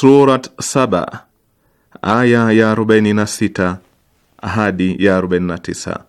Surat saba aya ya sita hadi ya tisa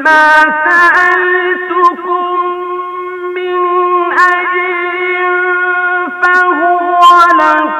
لكم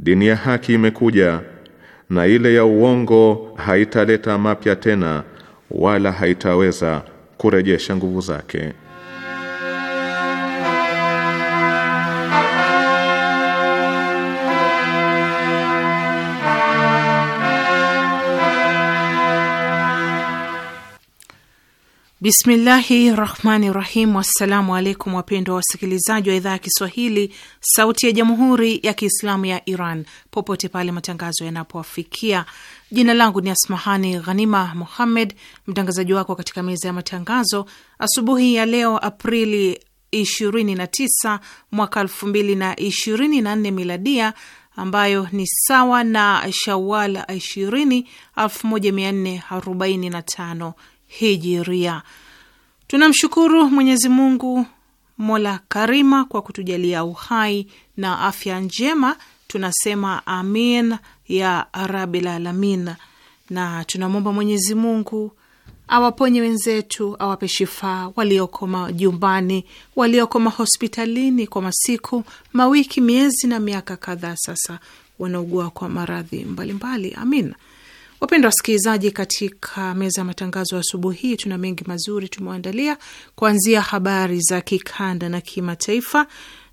Dini ya haki imekuja na ile ya uongo haitaleta mapya tena wala haitaweza kurejesha nguvu zake. Bismillahi rahmani rahim. Wassalamu alaikum wapendwa wasikilizaji wa idhaa ya Kiswahili sauti ya jamhuri ya Kiislamu ya Iran popote pale matangazo yanapowafikia. Jina langu ni Asmahani Ghanima Muhammed, mtangazaji wako katika meza ya matangazo asubuhi ya leo Aprili 29 mwaka 2024 miladia ambayo ni sawa na Shawal 20 1445 hijiria. Tunamshukuru Mwenyezi Mungu mola karima kwa kutujalia uhai na afya njema, tunasema amin ya rabil alamin, na tunamwomba Mwenyezi Mungu awaponye wenzetu, awape shifaa walioko majumbani, walioko mahospitalini kwa masiku, mawiki, miezi na miaka kadhaa sasa, wanaugua kwa maradhi mbalimbali. Amin. Wapendwa wasikilizaji, katika meza ya matangazo asubuhi hii tuna mengi mazuri tumewaandalia, kuanzia habari za kikanda na kimataifa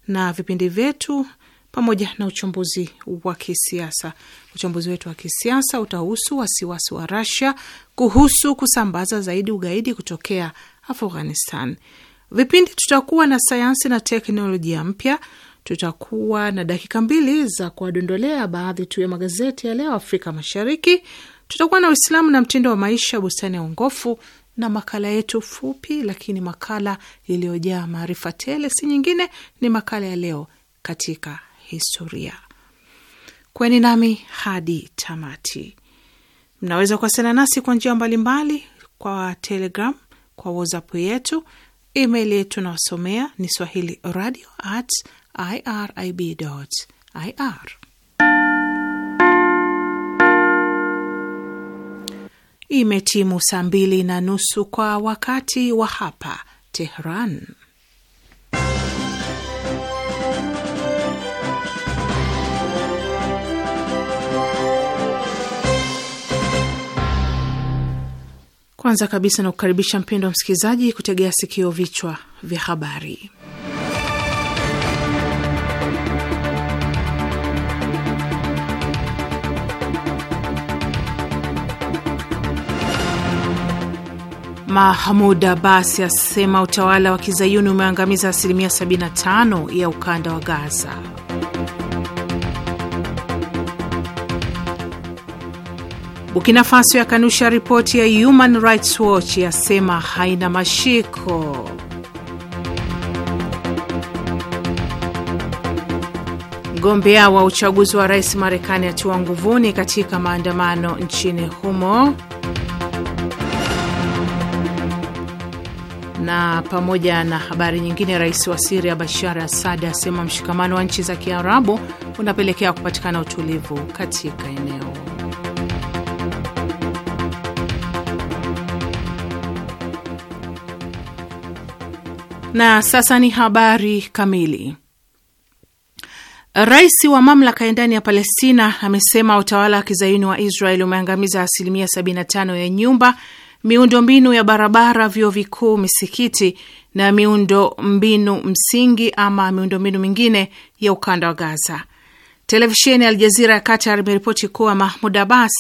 na vipindi vyetu pamoja na uchambuzi wa kisiasa. Uchambuzi wetu wa kisiasa utahusu wasiwasi wa Russia kuhusu kusambaza zaidi ugaidi kutokea Afghanistan. Vipindi tutakuwa na sayansi na teknolojia mpya, tutakuwa na dakika mbili za kuwadondolea baadhi tu ya magazeti ya leo Afrika Mashariki, Tutakuwa na Uislamu na mtindo wa maisha, bustani ya uongofu na makala yetu fupi lakini makala iliyojaa maarifa tele, si nyingine ni makala ya leo katika historia. Kweni nami hadi tamati. Mnaweza kuwasiliana nasi kwa njia mbalimbali, kwa Telegram, kwa WhatsApp yetu, email yetu nawasomea ni swahili radio at irib ir Imetimu saa mbili na nusu kwa wakati wa hapa Tehran. Kwanza kabisa na kukaribisha mpendo wa msikilizaji kutegea sikio vichwa vya habari. Mahmud Abbas asema utawala wa kizayuni umeangamiza asilimia 75 ya ukanda wa Gaza. Burkina Faso yakanusha ripoti ya Human Rights Watch, yasema haina mashiko. Mgombea wa uchaguzi wa rais Marekani atiwa nguvuni katika maandamano nchini humo. na pamoja na habari nyingine, rais wa Siria Bashar Assad asema mshikamano wa nchi za Kiarabu unapelekea kupatikana utulivu katika eneo. Na sasa ni habari kamili. Rais wa mamlaka ya ndani ya Palestina amesema utawala wa kizayuni wa israel umeangamiza asilimia 75 ya nyumba miundombinu ya barabara, vyuo vikuu, misikiti na miundo mbinu msingi ama miundombinu mingine ya ukanda wa Gaza. Televisheni ya Aljazira ya Qatar imeripoti kuwa Mahmud Abbas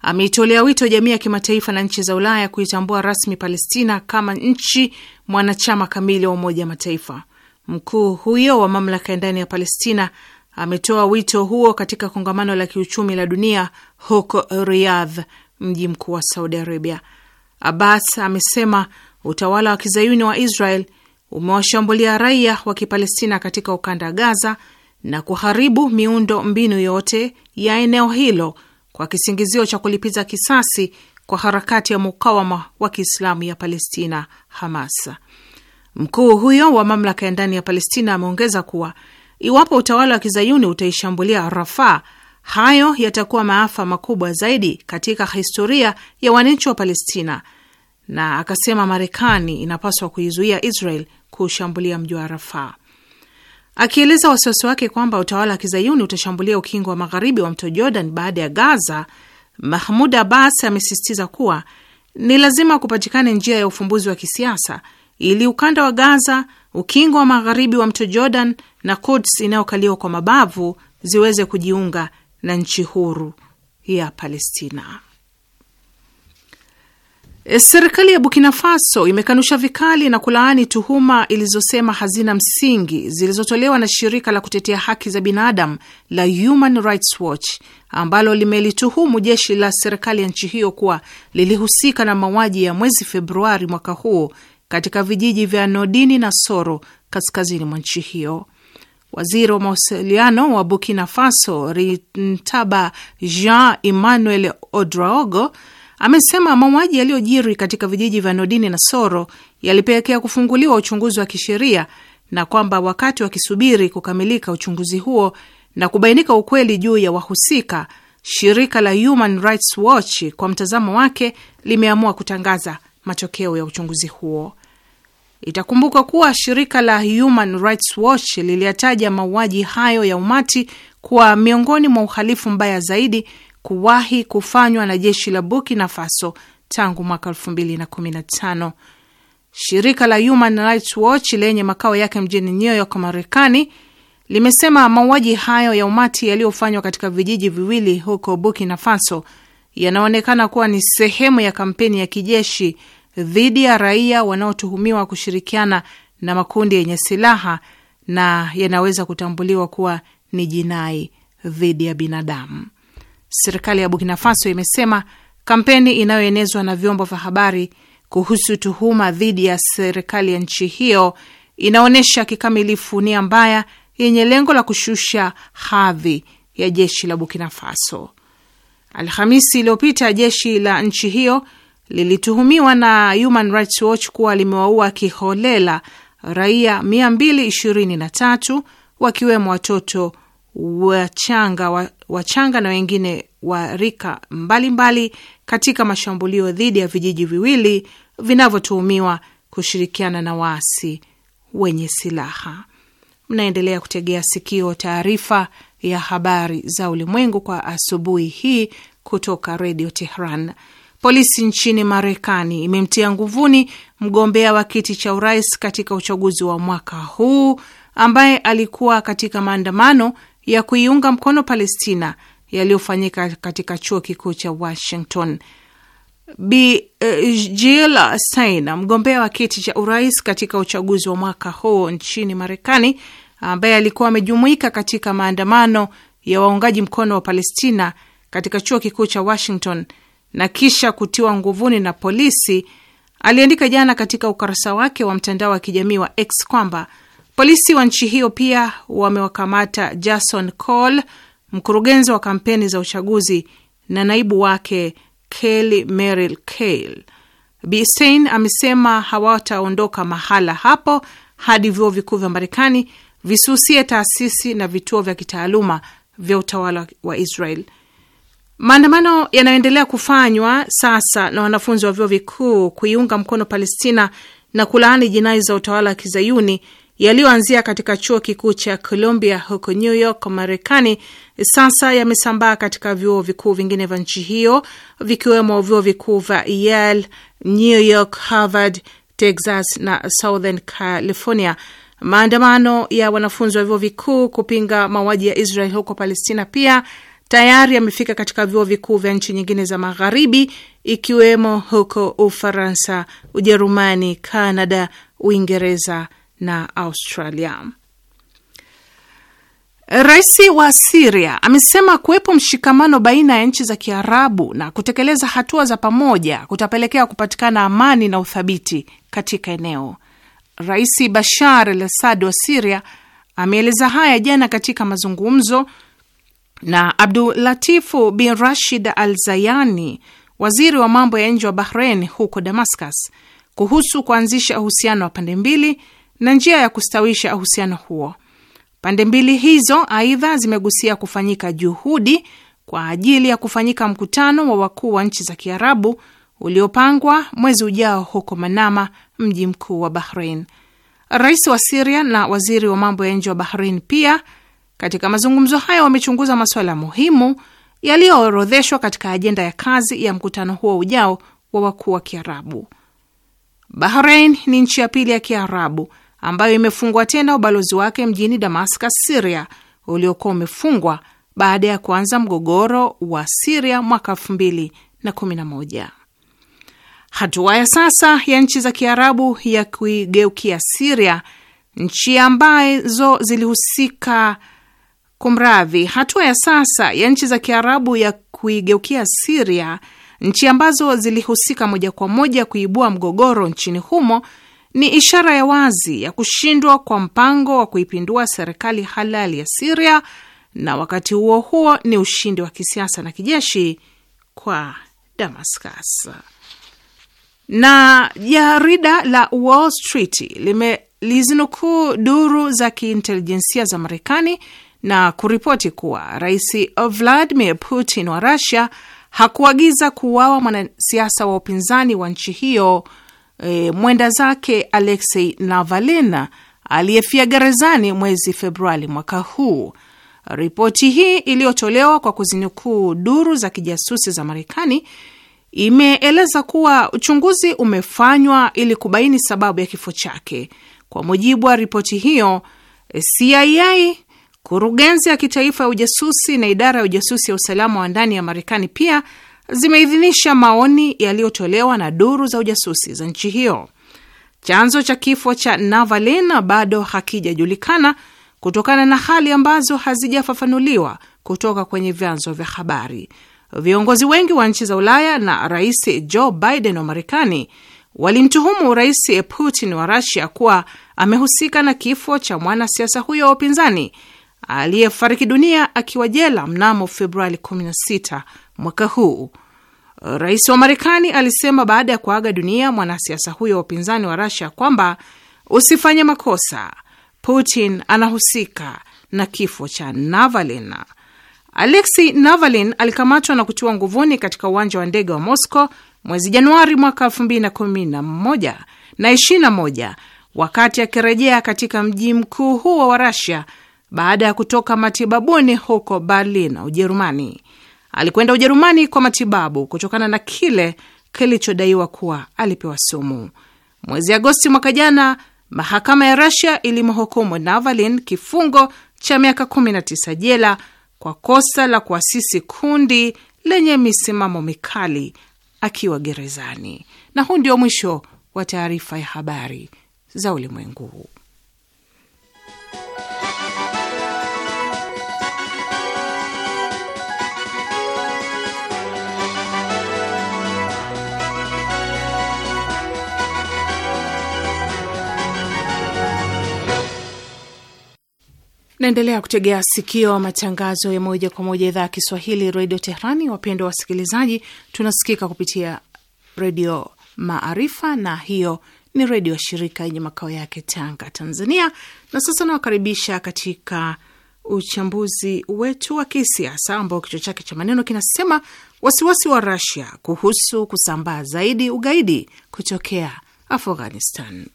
ameitolea wito jamii ya kimataifa na nchi za Ulaya kuitambua rasmi Palestina kama nchi mwanachama kamili wa Umoja wa Mataifa. Mkuu huyo wa mamlaka ya ndani ya Palestina ametoa wito huo katika kongamano la kiuchumi la dunia huko Riyadh, mji mkuu wa Saudi Arabia. Abbas amesema utawala wa kizayuni wa Israel umewashambulia raia wa Kipalestina katika ukanda Gaza na kuharibu miundo mbinu yote ya eneo hilo kwa kisingizio cha kulipiza kisasi kwa harakati ya mukawama wa Kiislamu ya Palestina, Hamas. Mkuu huyo wa mamlaka ya ndani ya Palestina ameongeza kuwa iwapo utawala wa kizayuni utaishambulia Rafaa Hayo yatakuwa maafa makubwa zaidi katika historia ya wananchi wa Palestina, na akasema Marekani inapaswa kuizuia Israel kushambulia mji wa Rafaa, akieleza wasiwasi wake kwamba utawala wa kizayuni utashambulia ukingo wa magharibi wa mto Jordan baada ya Gaza. Mahmud Abbas amesisitiza kuwa ni lazima kupatikane njia ya ufumbuzi wa kisiasa ili ukanda wa Gaza, ukingo wa magharibi wa mto Jordan na Quds inayokaliwa kwa mabavu ziweze kujiunga na nchi huru ya Palestina. E, serikali ya Burkina Faso imekanusha vikali na kulaani tuhuma ilizosema hazina msingi zilizotolewa na shirika la kutetea haki za binadamu la Human Rights Watch ambalo limelituhumu jeshi la serikali ya nchi hiyo kuwa lilihusika na mauaji ya mwezi Februari mwaka huu katika vijiji vya Nodini na Soro kaskazini mwa nchi hiyo. Waziri wa mawasiliano wa Burkina Faso Rintaba Jean Emmanuel Odraogo amesema mauaji yaliyojiri katika vijiji vya Nodini na Soro yalipelekea kufunguliwa uchunguzi wa kisheria na kwamba wakati wakisubiri kukamilika uchunguzi huo na kubainika ukweli juu ya wahusika, shirika la Human Rights Watch kwa mtazamo wake limeamua kutangaza matokeo ya uchunguzi huo. Itakumbuka kuwa shirika la Human Rights Watch liliyataja mauaji hayo ya umati kuwa miongoni mwa uhalifu mbaya zaidi kuwahi kufanywa na jeshi la Burkina Faso tangu mwaka 2015. Shirika la Human Rights Watch lenye makao yake mjini New York, Marekani, limesema mauaji hayo ya umati yaliyofanywa katika vijiji viwili huko Burkina Faso yanaonekana kuwa ni sehemu ya kampeni ya kijeshi dhidi ya raia wanaotuhumiwa kushirikiana na makundi yenye silaha na yanaweza kutambuliwa kuwa ni jinai dhidi ya binadamu. Serikali ya Burkina Faso imesema kampeni inayoenezwa na vyombo vya habari kuhusu tuhuma dhidi ya serikali ya nchi hiyo inaonyesha kikamilifu nia mbaya yenye lengo la kushusha hadhi ya jeshi la Burkina Faso. Alhamisi iliyopita jeshi la nchi hiyo lilituhumiwa na Human Rights Watch kuwa limewaua kiholela raia 223 wakiwemo watoto wachanga, wachanga na wengine wa rika mbalimbali mbali katika mashambulio dhidi ya vijiji viwili vinavyotuhumiwa kushirikiana na waasi wenye silaha. Mnaendelea kutegea sikio taarifa ya habari za ulimwengu kwa asubuhi hii kutoka Redio Tehran. Polisi nchini Marekani imemtia nguvuni mgombea wa kiti cha urais katika uchaguzi wa mwaka huu ambaye alikuwa katika maandamano ya kuiunga mkono Palestina yaliyofanyika katika chuo kikuu cha Washington. Bi eh, Jill Stein, mgombea wa kiti cha urais katika uchaguzi wa mwaka huu nchini Marekani, ambaye alikuwa amejumuika katika maandamano ya waungaji mkono wa Palestina katika chuo kikuu cha Washington na kisha kutiwa nguvuni na polisi, aliandika jana katika ukurasa wake wa mtandao wa kijamii wa X kwamba polisi wa nchi hiyo pia wamewakamata Jason Cole, mkurugenzi wa kampeni za uchaguzi na naibu wake Kelly Merrill Kale. Bi amesema hawataondoka mahala hapo hadi vyuo vikuu vya Marekani visusie taasisi na vituo vya kitaaluma vya utawala wa Israel. Maandamano yanayoendelea kufanywa sasa na wanafunzi wa vyuo vikuu kuiunga mkono Palestina na kulaani jinai za utawala wa kizayuni yaliyoanzia katika chuo kikuu cha Columbia huko New York, Marekani, sasa yamesambaa katika vyuo vikuu vingine vya nchi hiyo vikiwemo vyuo vikuu vya Yale, New York, Harvard, Texas na Southern California. Maandamano ya wanafunzi wa vyuo vikuu kupinga mauaji ya Israel huko Palestina pia tayari amefika katika vyuo vikuu vya nchi nyingine za Magharibi, ikiwemo huko Ufaransa, Ujerumani, Canada, Uingereza na Australia. Rais wa Siria amesema kuwepo mshikamano baina ya nchi za Kiarabu na kutekeleza hatua za pamoja kutapelekea kupatikana amani na uthabiti katika eneo. Rais Bashar al Assad wa Siria ameeleza haya jana katika mazungumzo na Abdul Latifu bin Rashid Al Zayani, waziri wa mambo ya nje wa Bahrein huko Damascus, kuhusu kuanzisha uhusiano wa pande mbili na njia ya kustawisha uhusiano huo. Pande mbili hizo aidha zimegusia kufanyika juhudi kwa ajili ya kufanyika mkutano wa wakuu wa nchi za Kiarabu uliopangwa mwezi ujao huko Manama, mji mkuu wa Bahrein. Rais wa Siria na waziri wa mambo ya nje wa Bahrein pia katika mazungumzo hayo wamechunguza masuala muhimu yaliyoorodheshwa katika ajenda ya kazi ya mkutano huo ujao wa wakuu wa Kiarabu. Bahrain ni nchi ya pili ya Kiarabu ambayo imefungwa tena ubalozi wake mjini Damascus, Siria, uliokuwa umefungwa baada ya kuanza mgogoro wa Siria mwaka 2011. Hatua ya sasa ya nchi za Kiarabu ya kuigeukia Siria, nchi ambazo zilihusika Kumradhi, hatua ya sasa ya nchi za Kiarabu ya kuigeukia Siria, nchi ambazo zilihusika moja kwa moja kuibua mgogoro nchini humo, ni ishara ya wazi ya kushindwa kwa mpango wa kuipindua serikali halali ya Siria, na wakati huo huo ni ushindi wa kisiasa na kijeshi kwa Damascus. Na jarida la Wall Street limelizinukuu duru za kiintelijensia za Marekani na kuripoti kuwa Rais Vladimir Putin wa Russia hakuagiza kuuawa mwanasiasa wa upinzani wa nchi hiyo e, mwenda zake Alexei Navalny aliyefia gerezani mwezi Februari mwaka huu. Ripoti hii iliyotolewa kwa kuzinukuu duru za kijasusi za Marekani imeeleza kuwa uchunguzi umefanywa ili kubaini sababu ya kifo chake. Kwa mujibu wa ripoti hiyo, CIA Kurugenzi ya kitaifa ya ujasusi na idara ya ujasusi ya usalama wa ndani ya Marekani pia zimeidhinisha maoni yaliyotolewa na duru za ujasusi za nchi hiyo. Chanzo cha kifo cha Navalny bado hakijajulikana kutokana na hali ambazo hazijafafanuliwa kutoka kwenye vyanzo vya habari. Viongozi wengi wa nchi za Ulaya na Rais Joe Biden wa Marekani walimtuhumu Rais Putin wa Rasia kuwa amehusika na kifo cha mwanasiasa huyo wa upinzani aliyefariki dunia akiwa jela mnamo Februari 16 mwaka huu. Rais wa Marekani alisema baada ya kuaga dunia mwanasiasa huyo wa upinzani wa Rasia kwamba usifanye makosa, Putin anahusika na kifo cha navalin Alexei navalin alikamatwa na kutiwa nguvuni katika uwanja wa ndege wa Moscow mwezi Januari mwaka 2011 na 21 wakati akirejea katika mji mkuu huo wa rasia baada ya kutoka matibabuni huko Berlin, Ujerumani. Alikwenda Ujerumani kwa matibabu kutokana na kile kilichodaiwa kuwa alipewa sumu. Mwezi Agosti mwaka jana, mahakama ya Rasia ilimhukumu Navalny kifungo cha miaka 19 jela kwa kosa la kuasisi kundi lenye misimamo mikali akiwa gerezani. Na huu ndio mwisho wa taarifa ya habari za ulimwengu. Naendelea kutegea sikio matangazo ya moja kwa moja idhaa ya Kiswahili redio Tehrani. Wapendwa wasikilizaji, tunasikika kupitia redio Maarifa na hiyo ni redio shirika yenye makao yake Tanga, Tanzania. Na sasa nawakaribisha katika uchambuzi wetu wa kisiasa ambao kichwa chake cha maneno kinasema wasiwasi wa rasia kuhusu kusambaa zaidi ugaidi kutokea Afghanistan.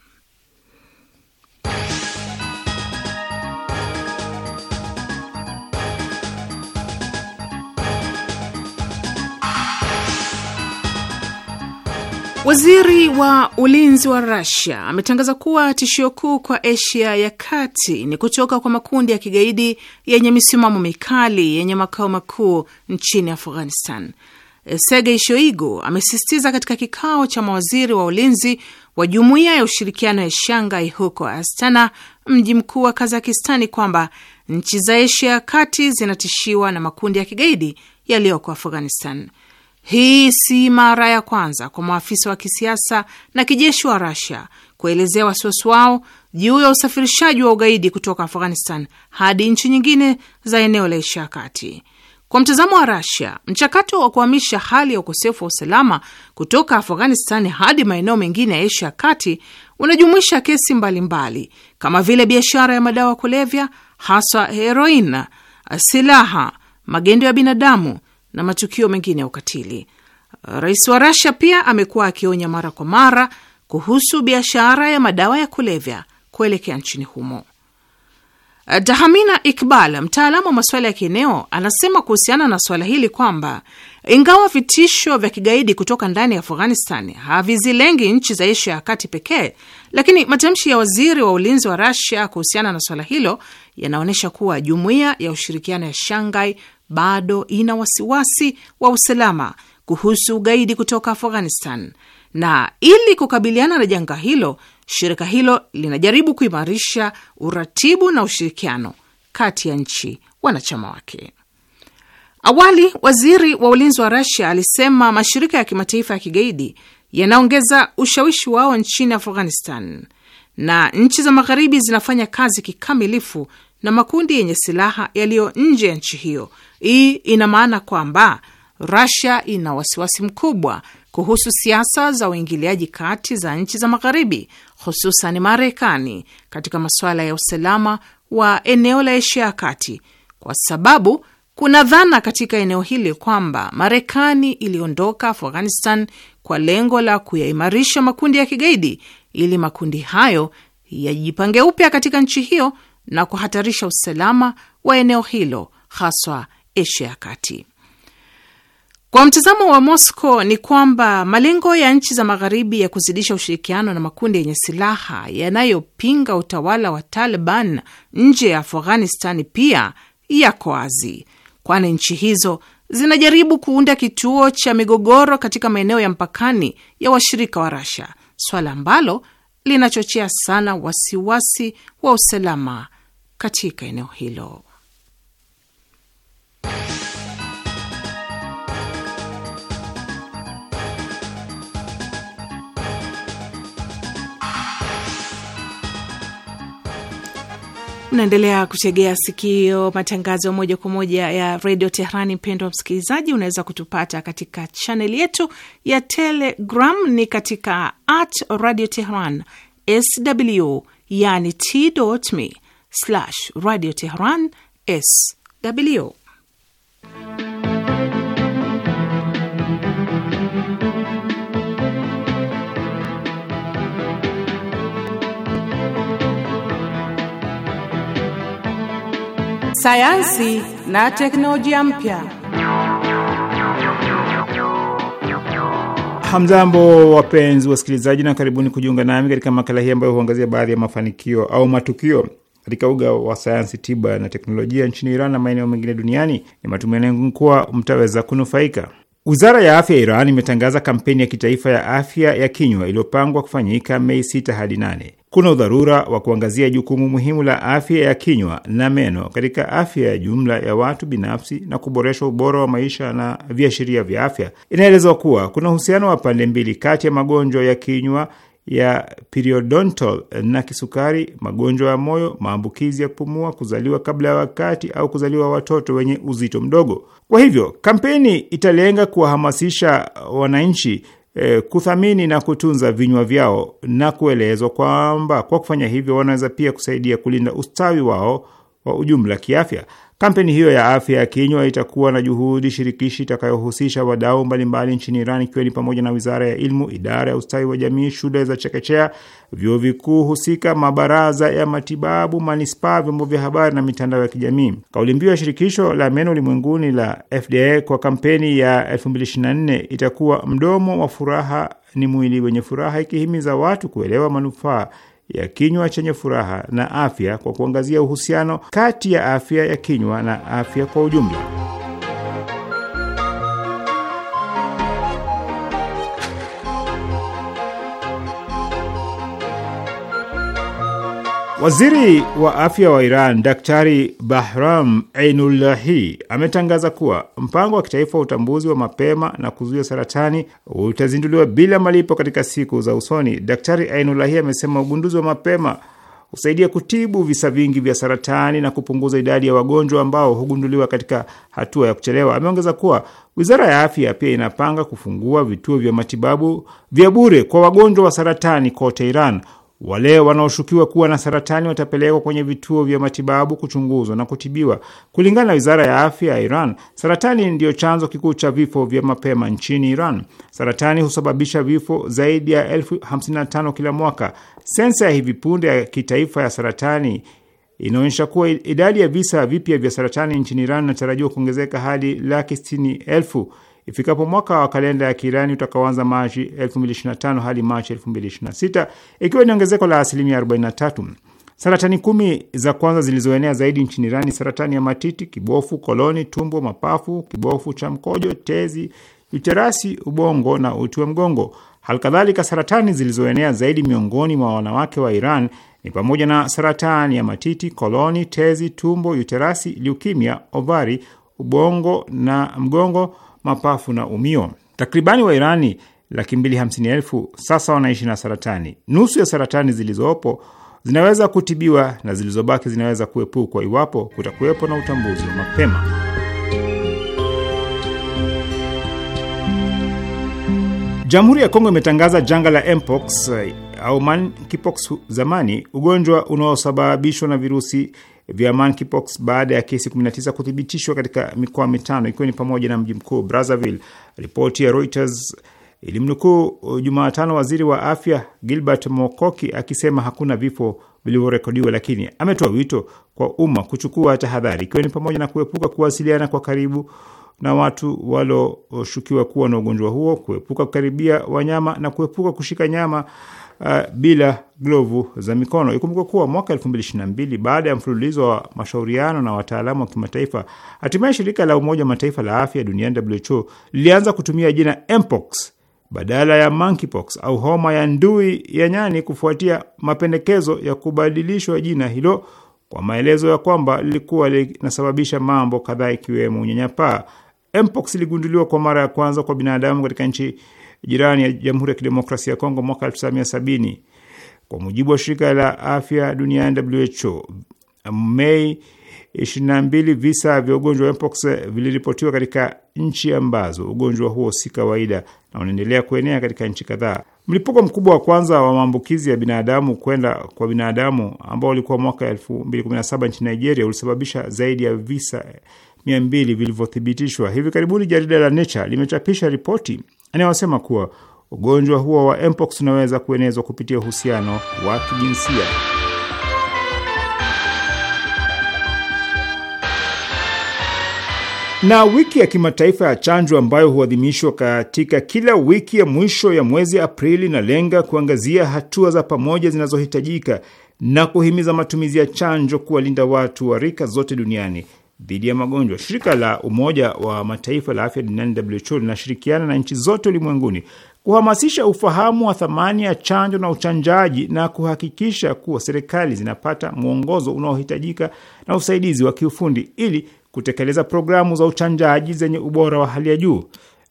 Waziri wa ulinzi wa rasia ametangaza kuwa tishio kuu kwa Asia ya kati ni kutoka kwa makundi ya kigaidi yenye misimamo mikali yenye makao makuu nchini Afghanistan. Sergei Shoigu amesisitiza katika kikao cha mawaziri wa ulinzi wa jumuiya ya ushirikiano ya Shanghai huko Astana, mji mkuu wa Kazakistani, kwamba nchi za Asia ya kati zinatishiwa na makundi ya kigaidi yaliyoko Afghanistan. Hii si mara ya kwanza kwa maafisa wa kisiasa na kijeshi wa rasia kuelezea wasiwasi wao juu ya usafirishaji wa ugaidi kutoka Afghanistan hadi nchi nyingine za eneo la Asia ya Kati. Kwa mtazamo wa rasia mchakato wa kuhamisha hali ya ukosefu wa usalama kutoka Afghanistan hadi maeneo mengine ya Asia ya Kati unajumuisha kesi mbalimbali mbali, kama vile biashara ya madawa kulevya, hasa heroin silaha, magendo ya binadamu na matukio mengine ya ukatili. Rais wa Rasia pia amekuwa akionya mara kwa mara kuhusu biashara ya madawa ya kulevya kuelekea nchini humo. Dahamina Ikbal, mtaalamu wa masuala ya kieneo, anasema kuhusiana na suala hili kwamba ingawa vitisho vya kigaidi kutoka ndani ya Afghanistan havizilengi nchi za Asia ya kati pekee, lakini matamshi ya waziri wa ulinzi wa Rasia kuhusiana na suala hilo yanaonyesha kuwa jumuiya ya ushirikiano ya Shanghai bado ina wasiwasi wa usalama kuhusu ugaidi kutoka Afghanistan, na ili kukabiliana na janga hilo, shirika hilo linajaribu kuimarisha uratibu na ushirikiano kati ya nchi wanachama wake. Awali waziri wa ulinzi wa Rasia alisema mashirika ya kimataifa ya kigaidi yanaongeza ushawishi wao nchini Afghanistan na nchi za magharibi zinafanya kazi kikamilifu na makundi yenye silaha yaliyo nje ya nchi hiyo hii ina maana kwamba rasia ina wasiwasi mkubwa kuhusu siasa za uingiliaji kati za nchi za Magharibi, hususan Marekani, katika masuala ya usalama wa eneo la Asia ya Kati, kwa sababu kuna dhana katika eneo hili kwamba Marekani iliondoka Afghanistan kwa lengo la kuyaimarisha makundi ya kigaidi ili makundi hayo yajipange upya katika nchi hiyo na kuhatarisha usalama wa eneo hilo haswa Asia ya Kati. Kwa mtazamo wa Moscow ni kwamba malengo ya nchi za magharibi ya kuzidisha ushirikiano na makundi yenye silaha yanayopinga utawala wa Taliban nje ya Afghanistan pia yako wazi, kwani nchi hizo zinajaribu kuunda kituo cha migogoro katika maeneo ya mpakani ya washirika wa Russia, swala ambalo linachochea sana wasiwasi wa usalama katika eneo hilo. Naendelea kutegea sikio matangazo moja kwa moja ya redio Tehrani. wa msikilizaji, unaweza kutupata katika chaneli yetu ya Telegram ni katika at radio tehran sw, yani t.me slash radio tehran sw Sayansi na teknolojia mpya. Hamjambo, wapenzi wasikilizaji, na karibuni kujiunga nami katika makala hii ambayo huangazia baadhi ya mafanikio au matukio katika uga wa sayansi tiba na teknolojia nchini Iran na maeneo mengine duniani. Ni matumaini yangu kuwa mtaweza kunufaika. Wizara ya afya ya Iran imetangaza kampeni ya kitaifa ya afya ya kinywa iliyopangwa kufanyika Mei 6 hadi nane. Kuna udharura wa kuangazia jukumu muhimu la afya ya kinywa na meno katika afya ya jumla ya watu binafsi na kuboresha ubora wa maisha na viashiria vya afya. Inaelezwa kuwa kuna uhusiano wa pande mbili kati ya magonjwa ya kinywa ya periodontal na kisukari, magonjwa ya moyo, maambukizi ya kupumua, kuzaliwa kabla ya wakati au kuzaliwa watoto wenye uzito mdogo. Kwa hivyo kampeni italenga kuwahamasisha wananchi eh, kuthamini na kutunza vinywa vyao na kuelezwa kwamba kwa kufanya hivyo wanaweza pia kusaidia kulinda ustawi wao wa ujumla kiafya. Kampeni hiyo ya afya ya kinywa itakuwa na juhudi shirikishi itakayohusisha wadau mbalimbali nchini Iran, ikiwa ni pamoja na wizara ya elimu, idara ya ustawi wa jamii, shule za chekechea, vyuo vikuu husika, mabaraza ya matibabu, manispaa, vyombo vya habari na mitandao ya kijamii. Kauli mbiu ya shirikisho la meno ulimwenguni la FDA kwa kampeni ya 2024 itakuwa mdomo wa furaha ni mwili wenye furaha, ikihimiza watu kuelewa manufaa ya kinywa chenye furaha na afya kwa kuangazia uhusiano kati ya afya ya kinywa na afya kwa ujumla. Waziri wa afya wa Iran Daktari Bahram Einullahi ametangaza kuwa mpango wa kitaifa wa utambuzi wa mapema na kuzuia saratani utazinduliwa bila malipo katika siku za usoni. Daktari Einullahi amesema ugunduzi wa mapema husaidia kutibu visa vingi vya saratani na kupunguza idadi ya wagonjwa ambao hugunduliwa katika hatua ya kuchelewa. Ameongeza kuwa wizara ya afya pia inapanga kufungua vituo vya matibabu vya bure kwa wagonjwa wa saratani kote Iran. Wale wanaoshukiwa kuwa na saratani watapelekwa kwenye vituo vya matibabu kuchunguzwa na kutibiwa. Kulingana na wizara ya afya ya Iran, saratani ndiyo chanzo kikuu cha vifo vya mapema nchini Iran. Saratani husababisha vifo zaidi ya elfu hamsini na tano kila mwaka. Sensa ya hivi punde ya kitaifa ya saratani inaonyesha kuwa idadi ya visa vipya vya saratani nchini Iran inatarajiwa kuongezeka hadi laki sitini elfu ifikapo mwaka wa kalenda ya Kiirani utakaoanza Machi 2025 hadi Machi 2026, ikiwa ni ongezeko la asilimia 43. Saratani kumi za kwanza zilizoenea zaidi nchini Irani: saratani ya matiti, kibofu, koloni, tumbo, mapafu, kibofu cha mkojo, tezi, uterasi, ubongo na uti wa mgongo. Halikadhalika, saratani zilizoenea zaidi miongoni mwa wanawake wa Iran ni pamoja na saratani ya matiti, koloni, tezi, tumbo, uterasi, liukimia, ovari, ubongo na mgongo mapafu na umio. Takribani Wairani laki mbili hamsini elfu sasa wanaishi na saratani. Nusu ya saratani zilizopo zinaweza kutibiwa na zilizobaki zinaweza kuepukwa iwapo kutakuwepo na utambuzi wa mapema. Jamhuri ya Kongo imetangaza janga la mpox eh, au monkeypox zamani, ugonjwa unaosababishwa na virusi vya monkeypox baada ya kesi 19 kuthibitishwa katika mikoa mitano ikiwa ni pamoja na mji mkuu Brazzaville. Ripoti ya Reuters ilimnukuu uh, Jumatano waziri wa afya Gilbert Mokoki akisema hakuna vifo vilivyorekodiwa, lakini ametoa wito kwa umma kuchukua tahadhari, ikiwa ni pamoja na kuepuka kuwasiliana kwa karibu na watu walioshukiwa kuwa na ugonjwa huo, kuepuka kukaribia wanyama na kuepuka kushika nyama uh, bila glovu za mikono. Ikumbuka kuwa mwaka 2022 baada ya mfululizo wa mashauriano na wataalamu wa kimataifa, hatimaye shirika la Umoja wa Mataifa la afya duniani WHO lilianza kutumia jina mpox badala ya monkeypox au homa ya ndui ya nyani kufuatia mapendekezo ya kubadilishwa jina hilo kwa maelezo ya kwamba lilikuwa linasababisha mambo kadhaa ikiwemo unyanyapaa. Mpox iligunduliwa kwa mara ya kwanza kwa binadamu katika nchi jirani ya Jamhuri ya Kidemokrasia ya Kongo mwaka 1970. Kwa mujibu wa shirika la afya duniani WHO, Mei 22 visa vya ugonjwa wa mpox viliripotiwa katika nchi ambazo ugonjwa huo si kawaida na unaendelea kuenea katika nchi kadhaa. Mlipuko mkubwa wa kwanza wa maambukizi ya binadamu kwenda kwa binadamu ambao ulikuwa mwaka 2017 nchini Nigeria ulisababisha zaidi ya visa 200 vilivyothibitishwa. Hivi karibuni jarida la Nature limechapisha ripoti anayewasema kuwa ugonjwa huo wa mpox unaweza kuenezwa kupitia uhusiano wa kijinsia. Na wiki ya kimataifa ya chanjo ambayo huadhimishwa katika kila wiki ya mwisho ya mwezi Aprili inalenga kuangazia hatua za pamoja zinazohitajika na kuhimiza matumizi ya chanjo kuwalinda watu wa rika zote duniani dhidi ya magonjwa. Shirika la Umoja wa Mataifa la afya duniani WHO linashirikiana na nchi zote ulimwenguni kuhamasisha ufahamu wa thamani ya chanjo na uchanjaji na kuhakikisha kuwa serikali zinapata mwongozo unaohitajika na usaidizi wa kiufundi ili kutekeleza programu za uchanjaji zenye ubora wa hali ya juu.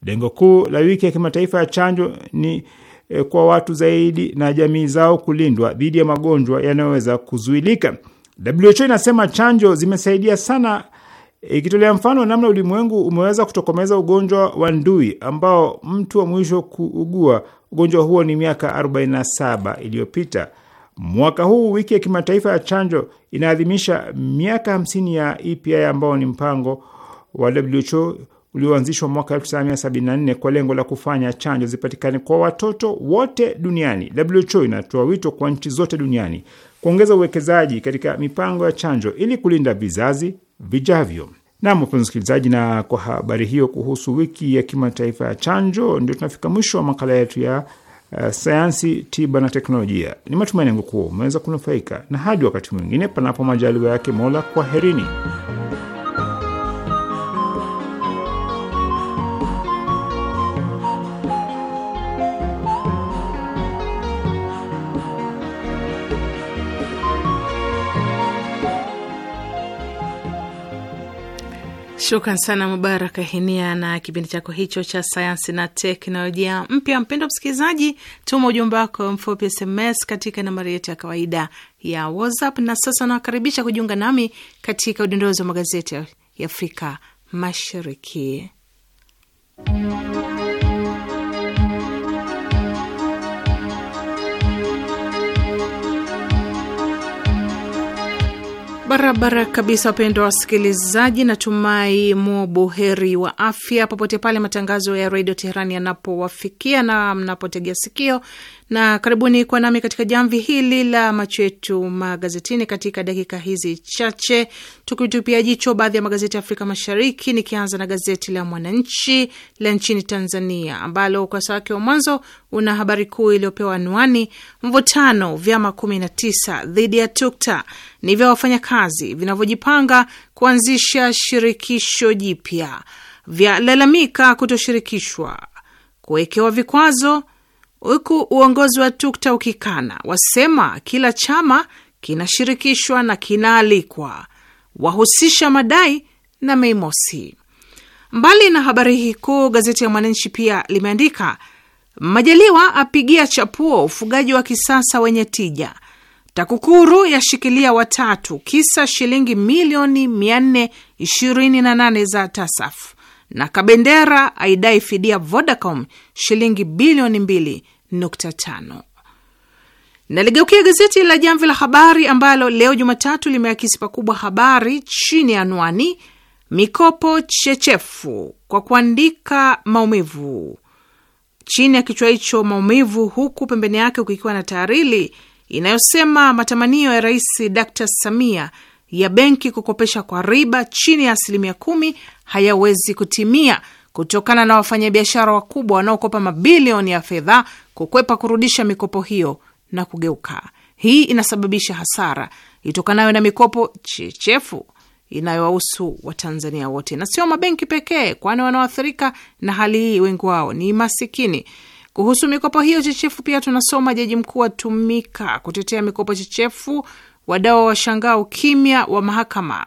Lengo kuu la wiki ya kimataifa ya chanjo ni e, kwa watu zaidi na jamii zao kulindwa dhidi ya magonjwa yanayoweza kuzuilika. WHO inasema chanjo zimesaidia sana ikitolea mfano namna ulimwengu umeweza kutokomeza ugonjwa wa ndui ambao mtu wa mwisho kuugua ugonjwa huo ni miaka 47 iliyopita. Mwaka huu wiki ya kimataifa ya chanjo inaadhimisha miaka 50 ya EPI ambao ni mpango wa WHO ulioanzishwa mwaka 1974 kwa lengo la kufanya chanjo zipatikane kwa watoto wote duniani. WHO inatoa wito kwa nchi zote duniani kuongeza uwekezaji katika mipango ya chanjo ili kulinda vizazi vijavyo. Nam, wapenzi msikilizaji, na kwa habari hiyo kuhusu wiki ya kimataifa ya chanjo, ndio tunafika mwisho wa makala yetu ya uh, sayansi, tiba na teknolojia. Ni matumaini yangu kuwa umeweza kunufaika, na hadi wakati mwingine, panapo majaliwa yake Mola, kwaherini. Shukran sana Mubaraka Hinia na kipindi chako hicho cha sayansi na teknolojia mpya. Mpendo msikilizaji, tuma ujumbe wako mfupi SMS katika nambari yetu ya kawaida ya WhatsApp. Na sasa nawakaribisha kujiunga nami katika udondozi wa magazeti ya Afrika Mashariki. Barabara kabisa, wapendwa wasikilizaji, natumai mu buheri wa afya popote pale matangazo ya redio Teherani yanapowafikia na mnapotegea sikio, na karibuni kuwa nami katika jamvi hili la macho yetu magazetini katika dakika hizi chache, tukitupia jicho baadhi ya magazeti ya Afrika Mashariki, nikianza na gazeti la Mwananchi la nchini Tanzania ambalo ukurasa wake wa mwanzo una habari kuu iliyopewa anwani mvutano vyama 19 dhidi ya tukta ni vya wafanyakazi vinavyojipanga kuanzisha shirikisho jipya vyalalamika kutoshirikishwa, kuwekewa vikwazo, huku uongozi wa Tukta ukikana, wasema kila chama kinashirikishwa na kinaalikwa, wahusisha madai na Mei Mosi. Mbali na habari hii kuu, gazeti ya Mwananchi pia limeandika Majaliwa apigia chapuo ufugaji wa kisasa wenye tija TAKUKURU yashikilia watatu kisa shilingi milioni 428 za TASAF na Kabendera aidai fidia Vodacom shilingi bilioni 2.5. Na ligeukia gazeti la Jamvi la Habari ambalo leo Jumatatu limeakisi pakubwa habari chini ya anwani mikopo chechefu kwa kuandika maumivu, chini ya kichwa hicho maumivu, huku pembeni yake kukiwa na taarili inayosema matamanio ya Rais Dr Samia ya benki kukopesha kwa riba chini ya asilimia kumi hayawezi kutimia kutokana na wafanyabiashara wakubwa wanaokopa mabilioni ya fedha kukwepa kurudisha mikopo hiyo na kugeuka. Hii inasababisha hasara itokanayo na mikopo chechefu inayowahusu Watanzania wote na sio mabenki pekee, kwani wanaoathirika na hali hii wengi wao ni masikini. Kuhusu mikopo hiyo chechefu, pia tunasoma jaji mkuu watumika kutetea mikopo chechefu, wadau washangaa ukimya wa mahakama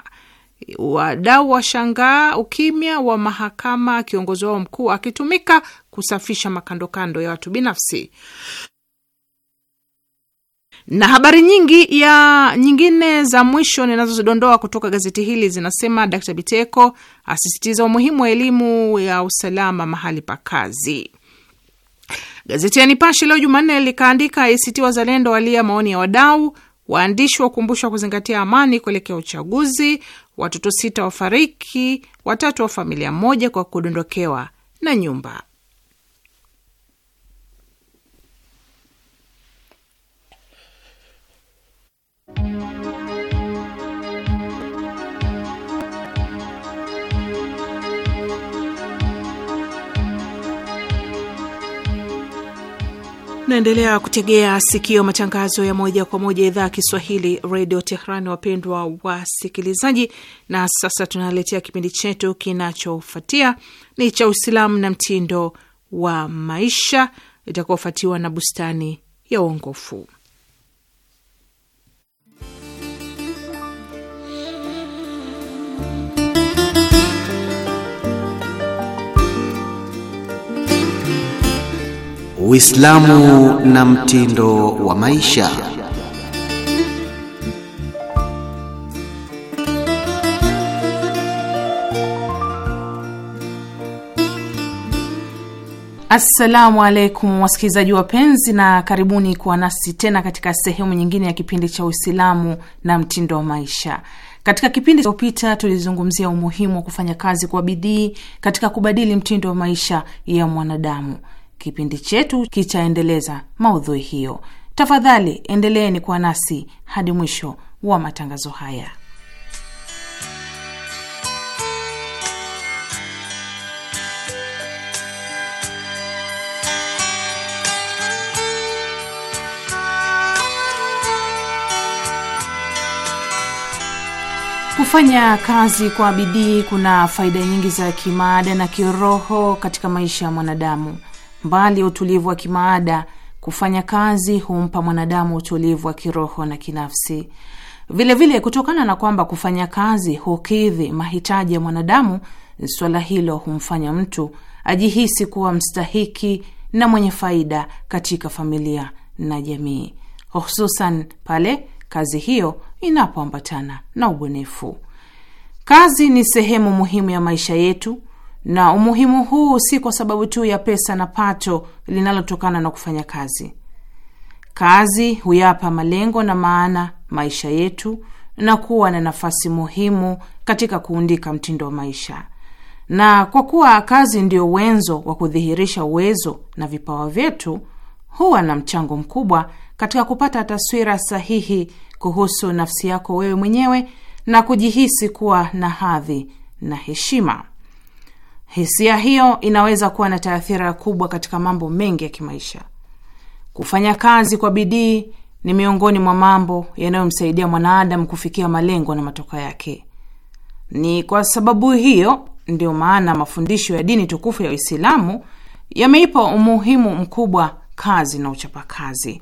wadau washangaa ukimya wa mahakama, kiongozi wao mkuu akitumika kusafisha makandokando ya watu binafsi. Na habari nyingi ya nyingine za mwisho ninazozidondoa kutoka gazeti hili zinasema Dkt Biteko asisitiza umuhimu wa elimu ya usalama mahali pa kazi. Gazeti ya Nipashe leo Jumanne likaandika ACT Wazalendo walia maoni ya wadau, waandishi wakumbushwa kuzingatia amani kuelekea uchaguzi, watoto sita wafariki, watatu wa familia moja kwa kudondokewa na nyumba. Naendelea kutegea sikio matangazo ya moja kwa moja idhaa ya Kiswahili redio Tehran, wapendwa wasikilizaji. Na sasa tunaletea kipindi chetu kinachofuatia ni cha Uislamu na mtindo wa maisha, itakaofuatiwa na bustani ya uongofu. Uislamu na mtindo wa maisha. Assalamu alaikum wasikilizaji wapenzi, na karibuni kuwa nasi tena katika sehemu nyingine ya kipindi cha Uislamu na mtindo wa maisha. Katika kipindi kilichopita tulizungumzia umuhimu wa kufanya kazi kwa bidii katika kubadili mtindo wa maisha ya mwanadamu. Kipindi chetu kitaendeleza maudhui hiyo. Tafadhali endeleeni kuwa nasi hadi mwisho wa matangazo haya. Kufanya kazi kwa bidii kuna faida nyingi za kimaada na kiroho katika maisha ya mwanadamu. Mbali ya utulivu wa kimaada, kufanya kazi humpa mwanadamu utulivu wa kiroho na kinafsi. Vilevile vile, kutokana na kwamba kufanya kazi hukidhi mahitaji ya mwanadamu, swala hilo humfanya mtu ajihisi kuwa mstahiki na mwenye faida katika familia na jamii, hususan pale kazi hiyo inapoambatana na ubunifu. Kazi ni sehemu muhimu ya maisha yetu na umuhimu huu si kwa sababu tu ya pesa na pato linalotokana na kufanya kazi. Kazi huyapa malengo na maana maisha yetu na kuwa na nafasi muhimu katika kuundika mtindo wa maisha. Na kwa kuwa kazi ndio wenzo wa kudhihirisha uwezo na vipawa vyetu, huwa na mchango mkubwa katika kupata taswira sahihi kuhusu nafsi yako wewe mwenyewe na kujihisi kuwa na hadhi na heshima. Hisia hiyo inaweza kuwa na taathira kubwa katika mambo mengi ya kimaisha. Kufanya kazi kwa bidii ni miongoni mwa mambo yanayomsaidia mwanaadamu kufikia malengo na matoka yake. Ni kwa sababu hiyo ndiyo maana mafundisho ya dini tukufu ya Uislamu yameipa umuhimu mkubwa kazi na uchapakazi.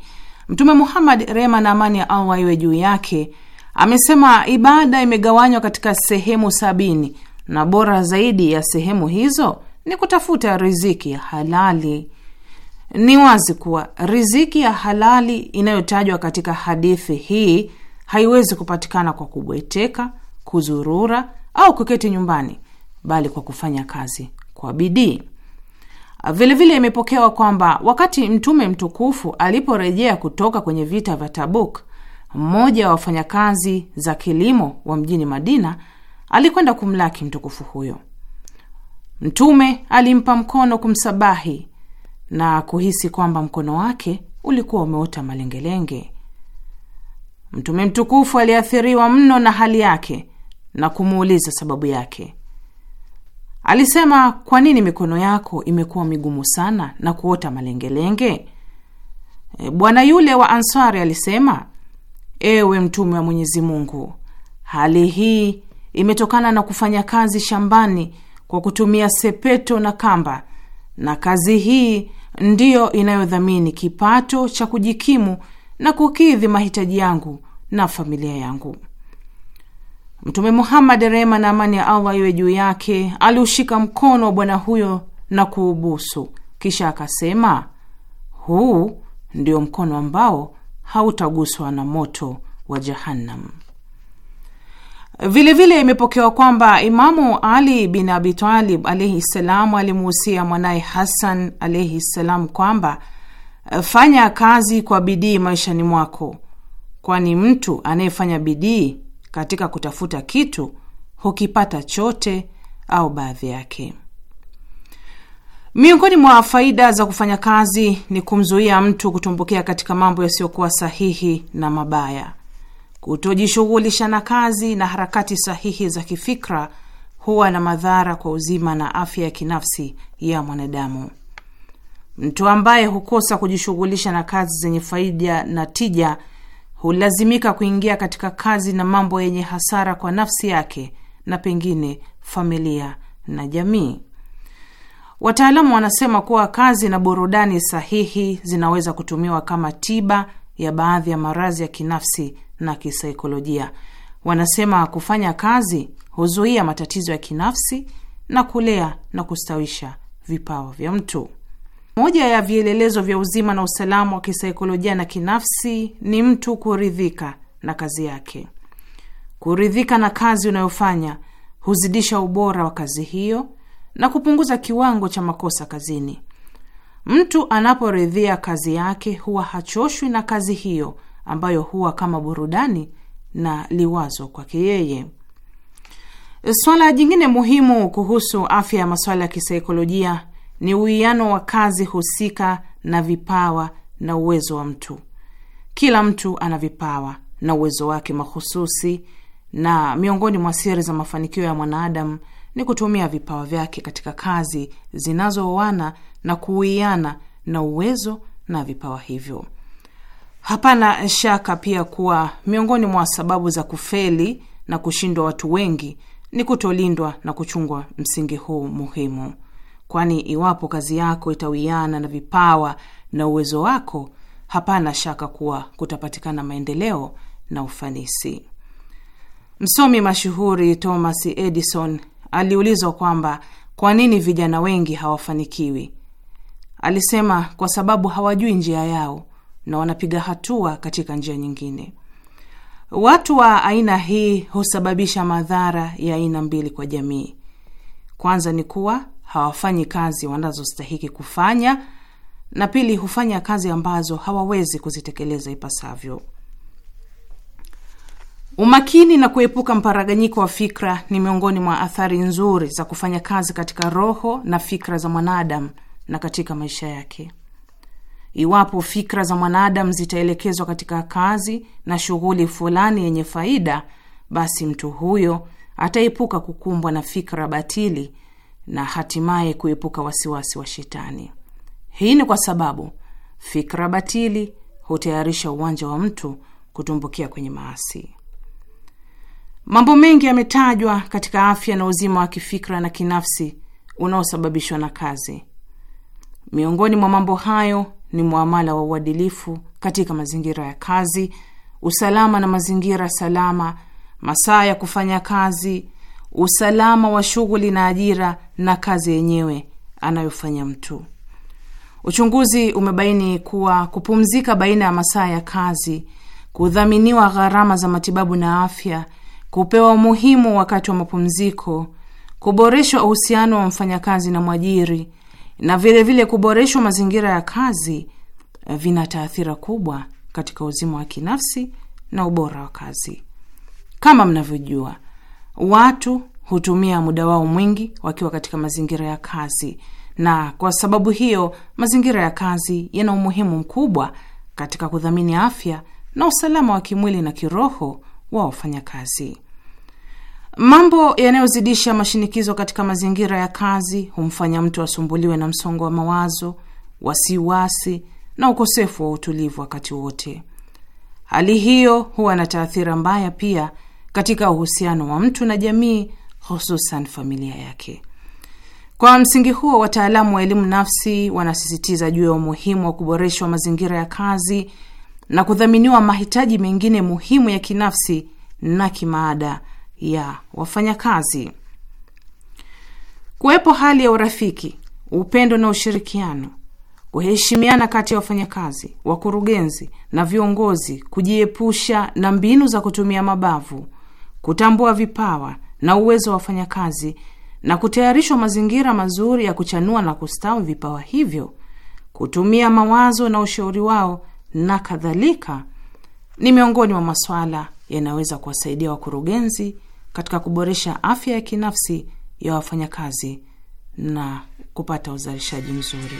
Mtume Muhammad, rehma na amani ya Allah iwe juu yake, amesema ibada imegawanywa katika sehemu sabini na bora zaidi ya sehemu hizo ni kutafuta riziki ya halali. Ni wazi kuwa riziki ya halali inayotajwa katika hadithi hii haiwezi kupatikana kwa kubweteka, kuzurura au kuketi nyumbani, bali kwa kufanya kazi kwa bidii. Vilevile imepokewa kwamba wakati Mtume mtukufu aliporejea kutoka kwenye vita vya Tabuk, mmoja wa wafanyakazi za kilimo wa mjini Madina alikwenda kumlaki mtukufu huyo. Mtume alimpa mkono kumsabahi na kuhisi kwamba mkono wake ulikuwa umeota malengelenge. Mtume mtukufu aliathiriwa mno na hali yake na kumuuliza sababu yake. Alisema, kwa nini mikono yako imekuwa migumu sana na kuota malengelenge? E, bwana yule wa Ansari alisema, ewe mtume wa Mwenyezi Mungu, hali hii imetokana na kufanya kazi shambani kwa kutumia sepeto na kamba, na kazi hii ndiyo inayodhamini kipato cha kujikimu na kukidhi mahitaji yangu na familia yangu. Mtume Muhammad, rehema na amani ya Allah iwe juu yake, aliushika mkono wa bwana huyo na kuubusu, kisha akasema, huu ndio mkono ambao hautaguswa na moto wa Jahannam. Vilevile imepokewa kwamba Imamu Ali bin Abi Talib alaihi ssalam alimuhusia mwanaye hasan alaihi ssalam kwamba eh, fanya kazi kwa bidii maishani mwako, kwani mtu anayefanya bidii katika kutafuta kitu hukipata chote au baadhi yake. Miongoni mwa faida za kufanya kazi ni kumzuia mtu kutumbukia katika mambo yasiyokuwa sahihi na mabaya. Kutojishughulisha na kazi na harakati sahihi za kifikra huwa na madhara kwa uzima na afya ya kinafsi ya mwanadamu. Mtu ambaye hukosa kujishughulisha na kazi zenye faida na tija hulazimika kuingia katika kazi na mambo yenye hasara kwa nafsi yake na pengine familia na jamii. Wataalamu wanasema kuwa kazi na burudani sahihi zinaweza kutumiwa kama tiba ya baadhi ya maradhi ya kinafsi na kisaikolojia. Wanasema kufanya kazi huzuia matatizo ya kinafsi na kulea na kustawisha vipawa vya mtu. Moja ya vielelezo vya uzima na usalama wa kisaikolojia na kinafsi ni mtu kuridhika na kazi yake. Kuridhika na kazi unayofanya huzidisha ubora wa kazi hiyo na kupunguza kiwango cha makosa kazini. Mtu anaporidhia kazi yake huwa hachoshwi na kazi hiyo ambayo huwa kama burudani na liwazo kwake yeye. Swala jingine muhimu kuhusu afya ya masuala ya kisaikolojia ni uwiano wa kazi husika na vipawa na uwezo wa mtu. Kila mtu ana vipawa na uwezo wake mahususi, na miongoni mwa siri za mafanikio ya mwanadamu ni kutumia vipawa vyake katika kazi zinazooana na kuwiana na uwezo na vipawa hivyo. Hapana shaka pia kuwa miongoni mwa sababu za kufeli na kushindwa watu wengi ni kutolindwa na kuchungwa msingi huu muhimu, kwani iwapo kazi yako itawiana na vipawa na uwezo wako, hapana shaka kuwa kutapatikana maendeleo na ufanisi. Msomi mashuhuri Thomas Edison aliulizwa kwamba kwa nini vijana wengi hawafanikiwi. Alisema kwa sababu hawajui njia yao na wanapiga hatua katika njia nyingine. Watu wa aina hii husababisha madhara ya aina mbili kwa jamii. Kwanza ni kuwa hawafanyi kazi wanazostahiki kufanya, na pili, hufanya kazi ambazo hawawezi kuzitekeleza ipasavyo. Umakini na kuepuka mparaganyiko wa fikra ni miongoni mwa athari nzuri za kufanya kazi katika roho na fikra za mwanadamu na katika maisha yake. Iwapo fikra za mwanadamu zitaelekezwa katika kazi na shughuli fulani yenye faida, basi mtu huyo ataepuka kukumbwa na fikra batili na hatimaye kuepuka wasiwasi wa shetani. Hii ni kwa sababu fikra batili hutayarisha uwanja wa mtu kutumbukia kwenye maasi. Mambo mengi yametajwa katika afya na uzima wa kifikra na kinafsi unaosababishwa na kazi. Miongoni mwa mambo hayo ni mwamala wa uadilifu katika mazingira ya kazi, usalama na mazingira salama, masaa ya kufanya kazi, usalama wa shughuli na ajira na kazi yenyewe anayofanya mtu. Uchunguzi umebaini kuwa kupumzika baina ya masaa ya kazi, kudhaminiwa gharama za matibabu na afya, kupewa umuhimu wakati wa mapumziko, kuboreshwa uhusiano wa mfanyakazi na mwajiri na vilevile vile kuboreshwa mazingira ya kazi eh, vina taathira kubwa katika uzima wa kinafsi na ubora wa kazi. Kama mnavyojua, watu hutumia muda wao mwingi wakiwa katika mazingira ya kazi, na kwa sababu hiyo mazingira ya kazi yana umuhimu mkubwa katika kudhamini afya na usalama wa kimwili na kiroho wa wafanyakazi. Mambo yanayozidisha mashinikizo katika mazingira ya kazi humfanya mtu asumbuliwe na msongo wa mawazo, wasiwasi na ukosefu wa utulivu wakati wote. Hali hiyo huwa na taathira mbaya pia katika uhusiano wa mtu na jamii, hususan familia yake. Kwa msingi huo, wataalamu wa elimu nafsi wanasisitiza juu ya umuhimu wa kuboreshwa mazingira ya kazi na kudhaminiwa mahitaji mengine muhimu ya kinafsi na kimaada ya wafanyakazi. Kuwepo hali ya urafiki, upendo na ushirikiano, kuheshimiana kati ya wafanyakazi, wakurugenzi na viongozi, kujiepusha na mbinu za kutumia mabavu, kutambua vipawa na uwezo wa wafanyakazi na kutayarishwa mazingira mazuri ya kuchanua na kustawi vipawa hivyo, kutumia mawazo na ushauri wao na kadhalika, ni miongoni mwa masuala yanayoweza kuwasaidia wakurugenzi katika kuboresha afya ya kinafsi ya wafanyakazi na kupata uzalishaji mzuri.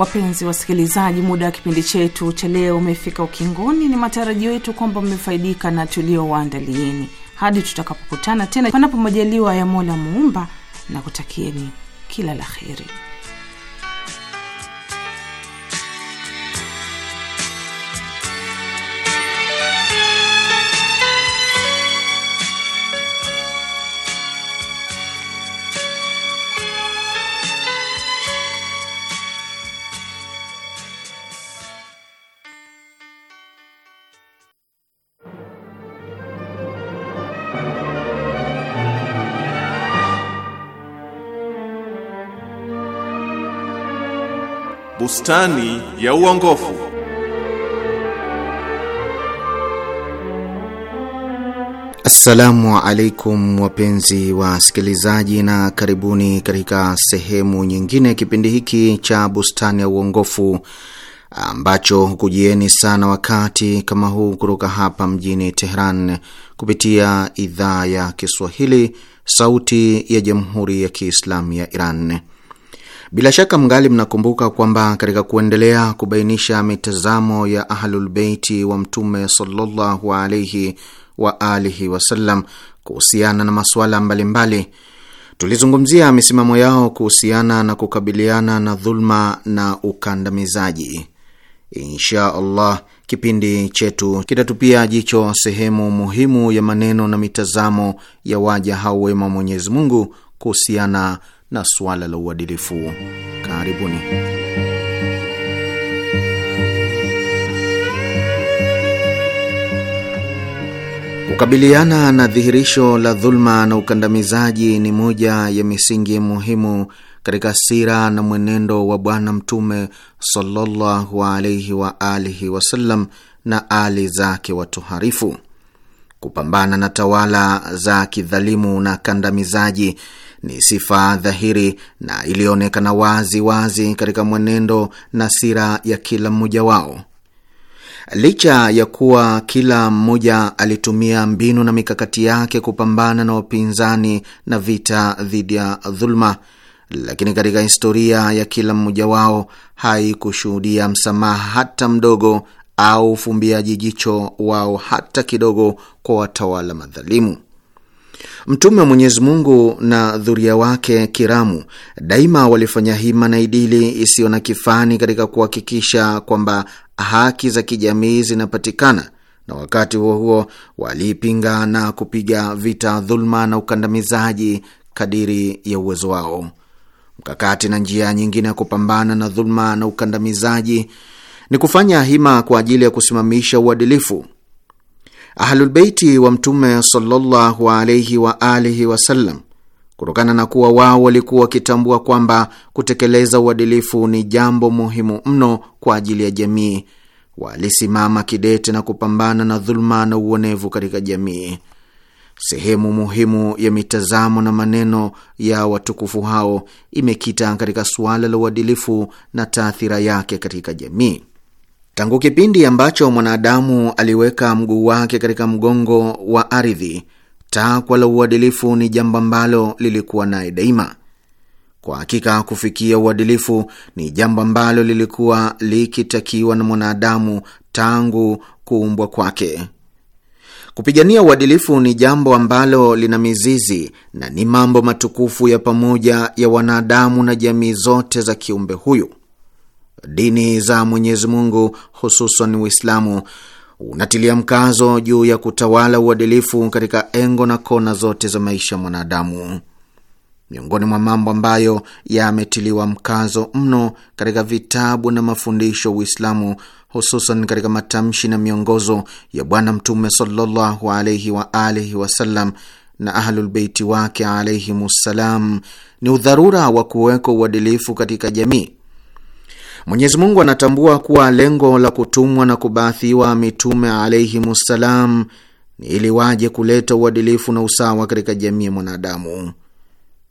Wapenzi wasikilizaji, muda wa kipindi chetu cha leo umefika ukingoni. Ni matarajio yetu kwamba mmefaidika na tuliowaandalieni. Hadi tutakapokutana tena, panapo majaliwa ya Mola Muumba, na kutakieni kila la heri. Bustani ya uongofu. Assalamu alaikum wapenzi wasikilizaji, na karibuni katika sehemu nyingine ya kipindi hiki cha Bustani ya Uongofu ambacho hukujieni sana wakati kama huu kutoka hapa mjini Tehran kupitia idhaa ya Kiswahili, Sauti ya Jamhuri ya Kiislamu ya Iran. Bila shaka mngali mnakumbuka kwamba katika kuendelea kubainisha mitazamo ya Ahlulbeiti wa Mtume sallallahu alaihi wa alihi wasallam kuhusiana na masuala mbalimbali, tulizungumzia misimamo yao kuhusiana na kukabiliana na dhulma na ukandamizaji. Insha Allah, kipindi chetu kitatupia jicho sehemu muhimu ya maneno na mitazamo ya waja hao wema Mwenyezi Mungu kuhusiana na suala la uadilifu. Karibuni. Kukabiliana na dhihirisho la dhuluma na ukandamizaji ni moja ya misingi muhimu katika sira na mwenendo wa Bwana Mtume sallallahu alaihi wa alihi wasallam na ali zake watoharifu. Kupambana na tawala za kidhalimu na kandamizaji ni sifa dhahiri na iliyoonekana wazi wazi katika mwenendo na sira ya kila mmoja wao. Licha ya kuwa kila mmoja alitumia mbinu na mikakati yake kupambana na wapinzani na vita dhidi ya dhuluma, lakini katika historia ya kila mmoja wao haikushuhudia msamaha hata mdogo au ufumbiaji jicho wao hata kidogo kwa watawala madhalimu. Mtume wa Mwenyezi Mungu na dhuria wake kiramu daima walifanya hima na idili isiyo na kifani katika kuhakikisha kwamba haki za kijamii zinapatikana, na wakati huo huo waliipinga na kupiga vita dhuluma na ukandamizaji kadiri ya uwezo wao. Mkakati na njia nyingine ya kupambana na dhuluma na ukandamizaji ni kufanya hima kwa ajili ya kusimamisha uadilifu. Ahlulbeiti wa Mtume sallallahu alaihi wa alihi wasallam, kutokana na kuwa wao walikuwa wakitambua kwamba kutekeleza uadilifu ni jambo muhimu mno kwa ajili ya jamii, walisimama kidete na kupambana na dhuluma na uonevu katika jamii. Sehemu muhimu ya mitazamo na maneno ya watukufu hao imekita katika suala la uadilifu na taathira yake katika jamii. Tangu kipindi ambacho mwanadamu aliweka mguu wake katika mgongo wa ardhi, takwa la uadilifu ni jambo ambalo lilikuwa naye daima. Kwa hakika kufikia uadilifu ni jambo ambalo lilikuwa likitakiwa na mwanadamu tangu kuumbwa kwake. Kupigania uadilifu ni jambo ambalo lina mizizi na ni mambo matukufu ya pamoja ya wanadamu na jamii zote za kiumbe huyu. Dini za Mwenyezi Mungu hususan Uislamu unatilia mkazo juu ya kutawala uadilifu katika engo na kona zote za maisha ya mwanadamu. Miongoni mwa mambo ambayo yametiliwa mkazo mno katika vitabu na mafundisho Uislamu, hususan katika matamshi na miongozo ya Bwana Mtume sallallahu alaihi wa alihi wasallam na Ahlulbeiti wake alaihimussalam, ni udharura wa kuweka uadilifu katika jamii Mwenyezi Mungu anatambua kuwa lengo la kutumwa na kubaathiwa mitume alaihimussalam ni ili waje kuleta uadilifu na usawa katika jamii ya mwanadamu.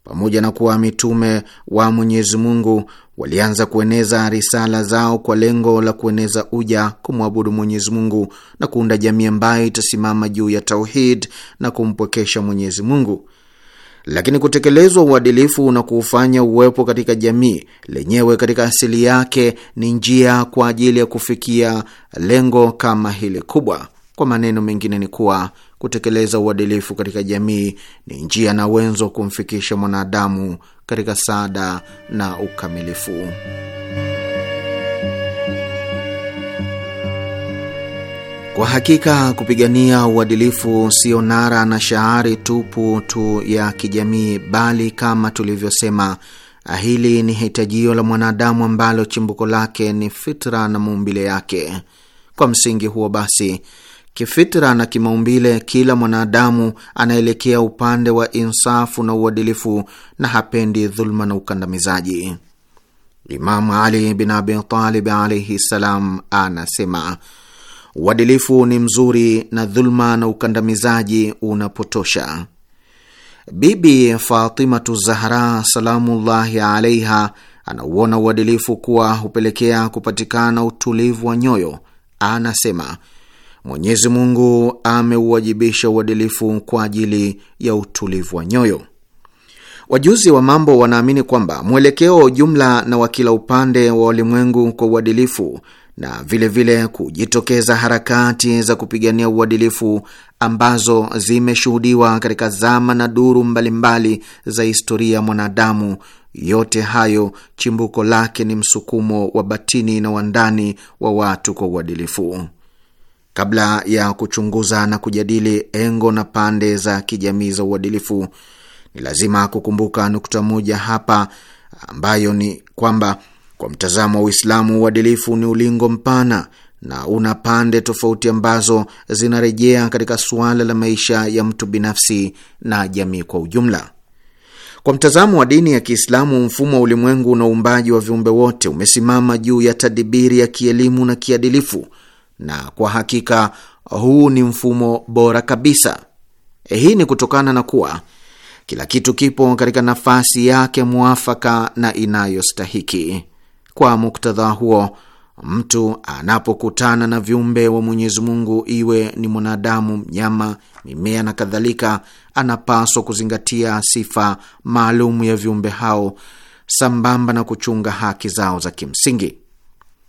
Pamoja na kuwa mitume wa Mwenyezi Mungu walianza kueneza risala zao kwa lengo la kueneza uja, kumwabudu Mwenyezi Mungu na kuunda jamii ambayo itasimama juu ya tauhid na kumpwekesha Mwenyezi Mungu lakini kutekelezwa uadilifu na kuufanya uwepo katika jamii lenyewe katika asili yake ni njia kwa ajili ya kufikia lengo kama hili kubwa. Kwa maneno mengine, ni kuwa kutekeleza uadilifu katika jamii ni njia na wenzo kumfikisha mwanadamu katika saada na ukamilifu. Kwa hakika kupigania uadilifu sio nara na shahari tupu tu ya kijamii, bali kama tulivyosema, hili ni hitajio la mwanadamu ambalo chimbuko lake ni fitra na maumbile yake. Kwa msingi huo basi, kifitra na kimaumbile, kila mwanadamu anaelekea upande wa insafu na uadilifu na hapendi dhuluma na ukandamizaji. Imamu Ali bin Abi Talib alaihi ssalam anasema: uadilifu ni mzuri na dhuluma na ukandamizaji unapotosha. Bibi Fatimatu Zahra salamullahi alaiha anauona uadilifu kuwa hupelekea kupatikana utulivu wa nyoyo. Anasema Mwenyezi Mungu ameuwajibisha uadilifu kwa ajili ya utulivu wa nyoyo. Wajuzi wa mambo wanaamini kwamba mwelekeo jumla na wa kila upande wa ulimwengu kwa uadilifu na vilevile vile kujitokeza harakati za kupigania uadilifu ambazo zimeshuhudiwa katika zama na duru mbalimbali za historia ya mwanadamu. Yote hayo chimbuko lake ni msukumo wa batini na wa ndani wa watu kwa uadilifu. Kabla ya kuchunguza na kujadili engo na pande za kijamii za uadilifu, ni lazima kukumbuka nukta moja hapa, ambayo ni kwamba kwa mtazamo wa Uislamu, uadilifu ni ulingo mpana na una pande tofauti ambazo zinarejea katika suala la maisha ya mtu binafsi na jamii kwa ujumla. Kwa mtazamo wa dini ya Kiislamu, mfumo wa ulimwengu na uumbaji wa viumbe wote umesimama juu ya tadibiri ya kielimu na kiadilifu, na kwa hakika huu ni mfumo bora kabisa. Hii ni kutokana na kuwa kila kitu kipo katika nafasi yake mwafaka na inayostahiki. Kwa muktadha huo, mtu anapokutana na viumbe wa Mwenyezi Mungu, iwe ni mwanadamu, mnyama, mimea na kadhalika, anapaswa kuzingatia sifa maalum ya viumbe hao sambamba na kuchunga haki zao za kimsingi.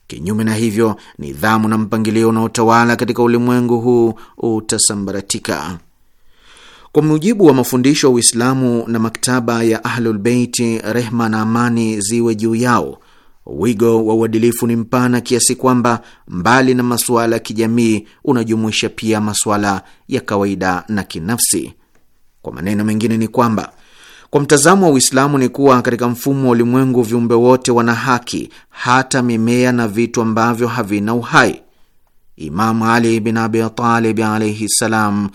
Kinyume na hivyo, nidhamu na mpangilio unaotawala katika ulimwengu huu utasambaratika. Kwa mujibu wa mafundisho wa Uislamu na maktaba ya Ahlulbeiti, rehma na amani ziwe juu yao Wigo wa uadilifu ni mpana kiasi kwamba mbali na masuala ya kijamii unajumuisha pia masuala ya kawaida na kinafsi. Kwa maneno mengine ni kwamba kwa mtazamo wa Uislamu ni kuwa katika mfumo wa ulimwengu viumbe wote wana haki, hata mimea na vitu ambavyo havina uhai. Imamu Ali bin Abi Talib alaihi ssalam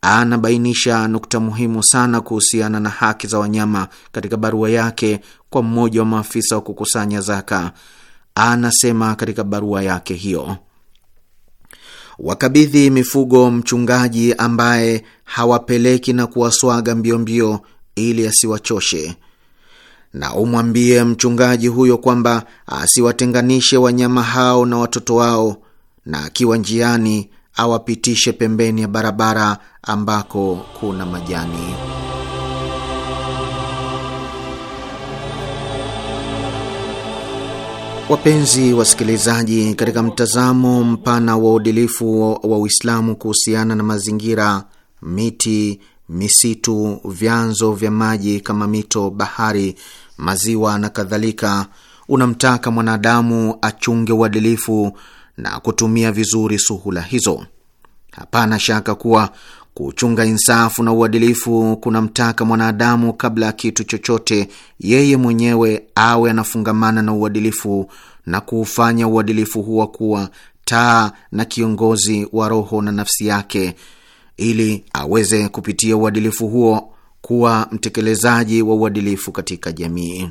anabainisha nukta muhimu sana kuhusiana na haki za wanyama katika barua yake kwa mmoja wa maafisa wa kukusanya zaka. Anasema katika barua yake hiyo, wakabidhi mifugo mchungaji ambaye hawapeleki na kuwaswaga mbio mbio ili asiwachoshe, na umwambie mchungaji huyo kwamba asiwatenganishe wanyama hao na watoto wao, na akiwa njiani awapitishe pembeni ya barabara ambako kuna majani. Wapenzi wasikilizaji, katika mtazamo mpana wa uadilifu wa Uislamu kuhusiana na mazingira, miti, misitu, vyanzo vya maji kama mito, bahari, maziwa na kadhalika, unamtaka mwanadamu achunge uadilifu na kutumia vizuri suhula hizo. Hapana shaka kuwa kuchunga insafu na uadilifu kunamtaka mwanadamu kabla ya kitu chochote, yeye mwenyewe awe anafungamana na uadilifu na kuufanya uadilifu huwa kuwa taa na kiongozi wa roho na nafsi yake, ili aweze kupitia uadilifu huo kuwa mtekelezaji wa uadilifu katika jamii.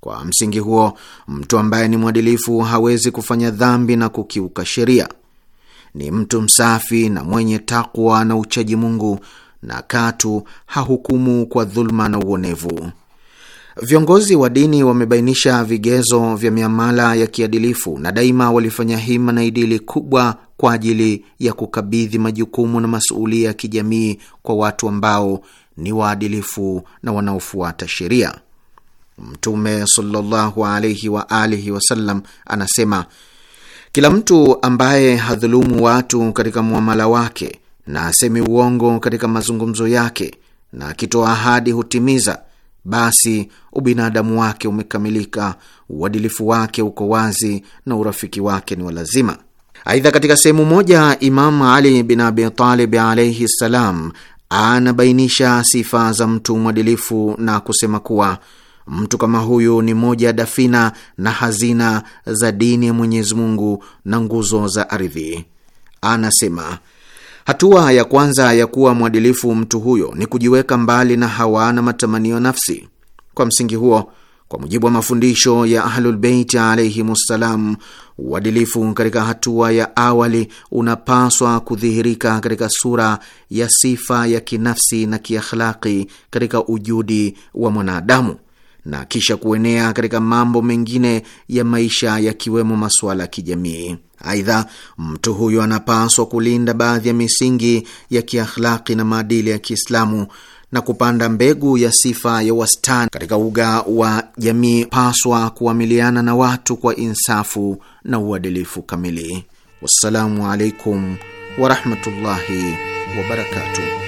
Kwa msingi huo, mtu ambaye ni mwadilifu hawezi kufanya dhambi na kukiuka sheria. Ni mtu msafi na mwenye takwa na uchaji Mungu, na katu hahukumu kwa dhuluma na uonevu. Viongozi wa dini wamebainisha vigezo vya miamala ya kiadilifu na daima walifanya hima na idili kubwa kwa ajili ya kukabidhi majukumu na masuulia ya kijamii kwa watu ambao ni waadilifu na wanaofuata sheria. Mtume sallallahu alaihi wa alihi wasallam anasema, kila mtu ambaye hadhulumu watu katika muamala wake na asemi uongo katika mazungumzo yake na akitoa ahadi hutimiza, basi ubinadamu wake umekamilika, uadilifu wake uko wazi na urafiki wake ni walazima. Aidha, katika sehemu moja imamu Ali bin Abi Talib alaihi ssalam anabainisha sifa za mtu mwadilifu na kusema kuwa Mtu kama huyu ni moja ya dafina na hazina za dini ya Mwenyezi Mungu na nguzo za ardhi. Anasema hatua ya kwanza ya kuwa mwadilifu mtu huyo ni kujiweka mbali na hawa na matamanio nafsi. Kwa msingi huo, kwa mujibu wa mafundisho ya Ahlulbeiti ssalam, uadilifu katika hatua ya awali unapaswa kudhihirika katika sura ya sifa ya kinafsi na kiakhlaki katika ujudi wa mwanadamu na kisha kuenea katika mambo mengine ya maisha yakiwemo masuala ya kijamii. Aidha, mtu huyo anapaswa kulinda baadhi ya misingi ya kiakhlaki na maadili ya Kiislamu na kupanda mbegu ya sifa ya wastani katika uga wa jamii. Paswa kuamiliana na watu kwa insafu na uadilifu kamili. Wassalamu alaikum warahmatullahi wabarakatuh.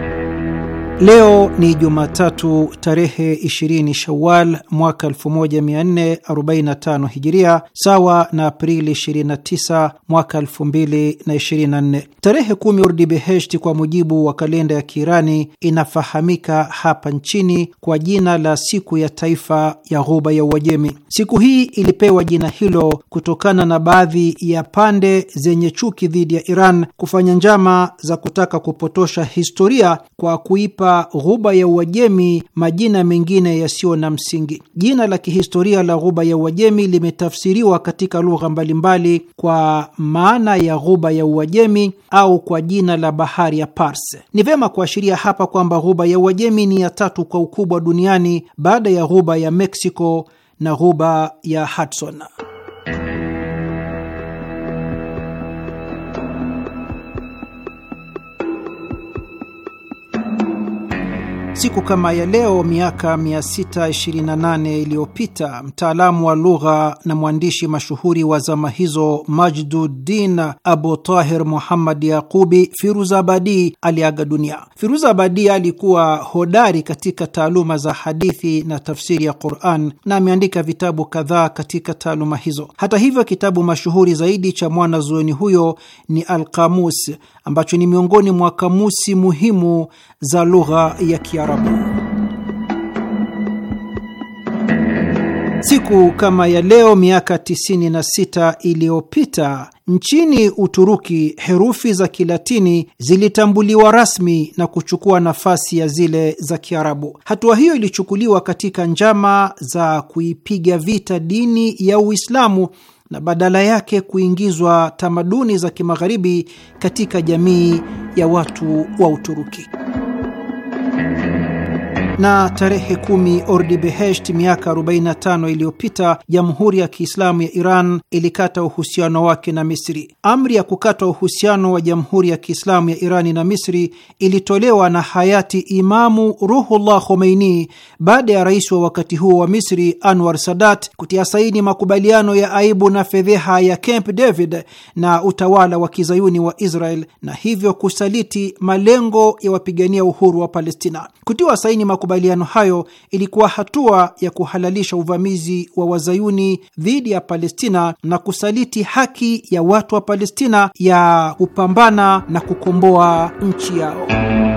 Leo ni Jumatatu tarehe 20 Shawal mwaka 1445 Hijiria, sawa na Aprili 29 mwaka 2024. Tarehe kumi Beheshti kwa mujibu wa kalenda ya Kiirani inafahamika hapa nchini kwa jina la siku ya taifa ya Ghuba ya Uajemi. Siku hii ilipewa jina hilo kutokana na baadhi ya pande zenye chuki dhidi ya Iran kufanya njama za kutaka kupotosha historia kwa kuipa ghuba ya Uajemi majina mengine yasiyo na msingi. Jina la kihistoria la ghuba ya Uajemi limetafsiriwa katika lugha mbalimbali kwa maana ya ghuba ya Uajemi au kwa jina la bahari ya Pars. Ni vema kuashiria hapa kwamba ghuba ya Uajemi ni ya tatu kwa ukubwa duniani baada ya ghuba ya Meksiko na ghuba ya Hudson. Siku kama ya leo miaka 628 iliyopita mtaalamu wa lugha na mwandishi mashuhuri wa zama hizo Majduddin Abu Tahir Muhammad Yaqubi Firuzabadi aliaga dunia. Firuzabadi alikuwa hodari katika taaluma za hadithi na tafsiri ya Quran na ameandika vitabu kadhaa katika taaluma hizo. Hata hivyo, kitabu mashuhuri zaidi cha mwanazuoni huyo ni Alqamus ambacho ni miongoni mwa kamusi muhimu za lugha ya kia ya Rabu. Siku kama ya leo miaka 96 iliyopita nchini Uturuki herufi za Kilatini zilitambuliwa rasmi na kuchukua nafasi ya zile za Kiarabu. Hatua hiyo ilichukuliwa katika njama za kuipiga vita dini ya Uislamu na badala yake kuingizwa tamaduni za Kimagharibi katika jamii ya watu wa Uturuki na tarehe kumi Ordibehesht miaka 45 iliyopita Jamhuri ya Kiislamu ya Iran ilikata uhusiano wake na Misri. Amri ya kukata uhusiano wa Jamhuri ya Kiislamu ya Irani na Misri ilitolewa na hayati Imamu Ruhullah Khomeini baada ya rais wa wakati huo wa Misri Anwar Sadat kutia saini makubaliano ya aibu na fedheha ya Camp David na utawala wa kizayuni wa Israel na hivyo kusaliti malengo ya wapigania uhuru wa Palestina. Kutiwa saini makubaliano hayo ilikuwa hatua ya kuhalalisha uvamizi wa wazayuni dhidi ya Palestina na kusaliti haki ya watu wa Palestina ya kupambana na kukomboa nchi yao.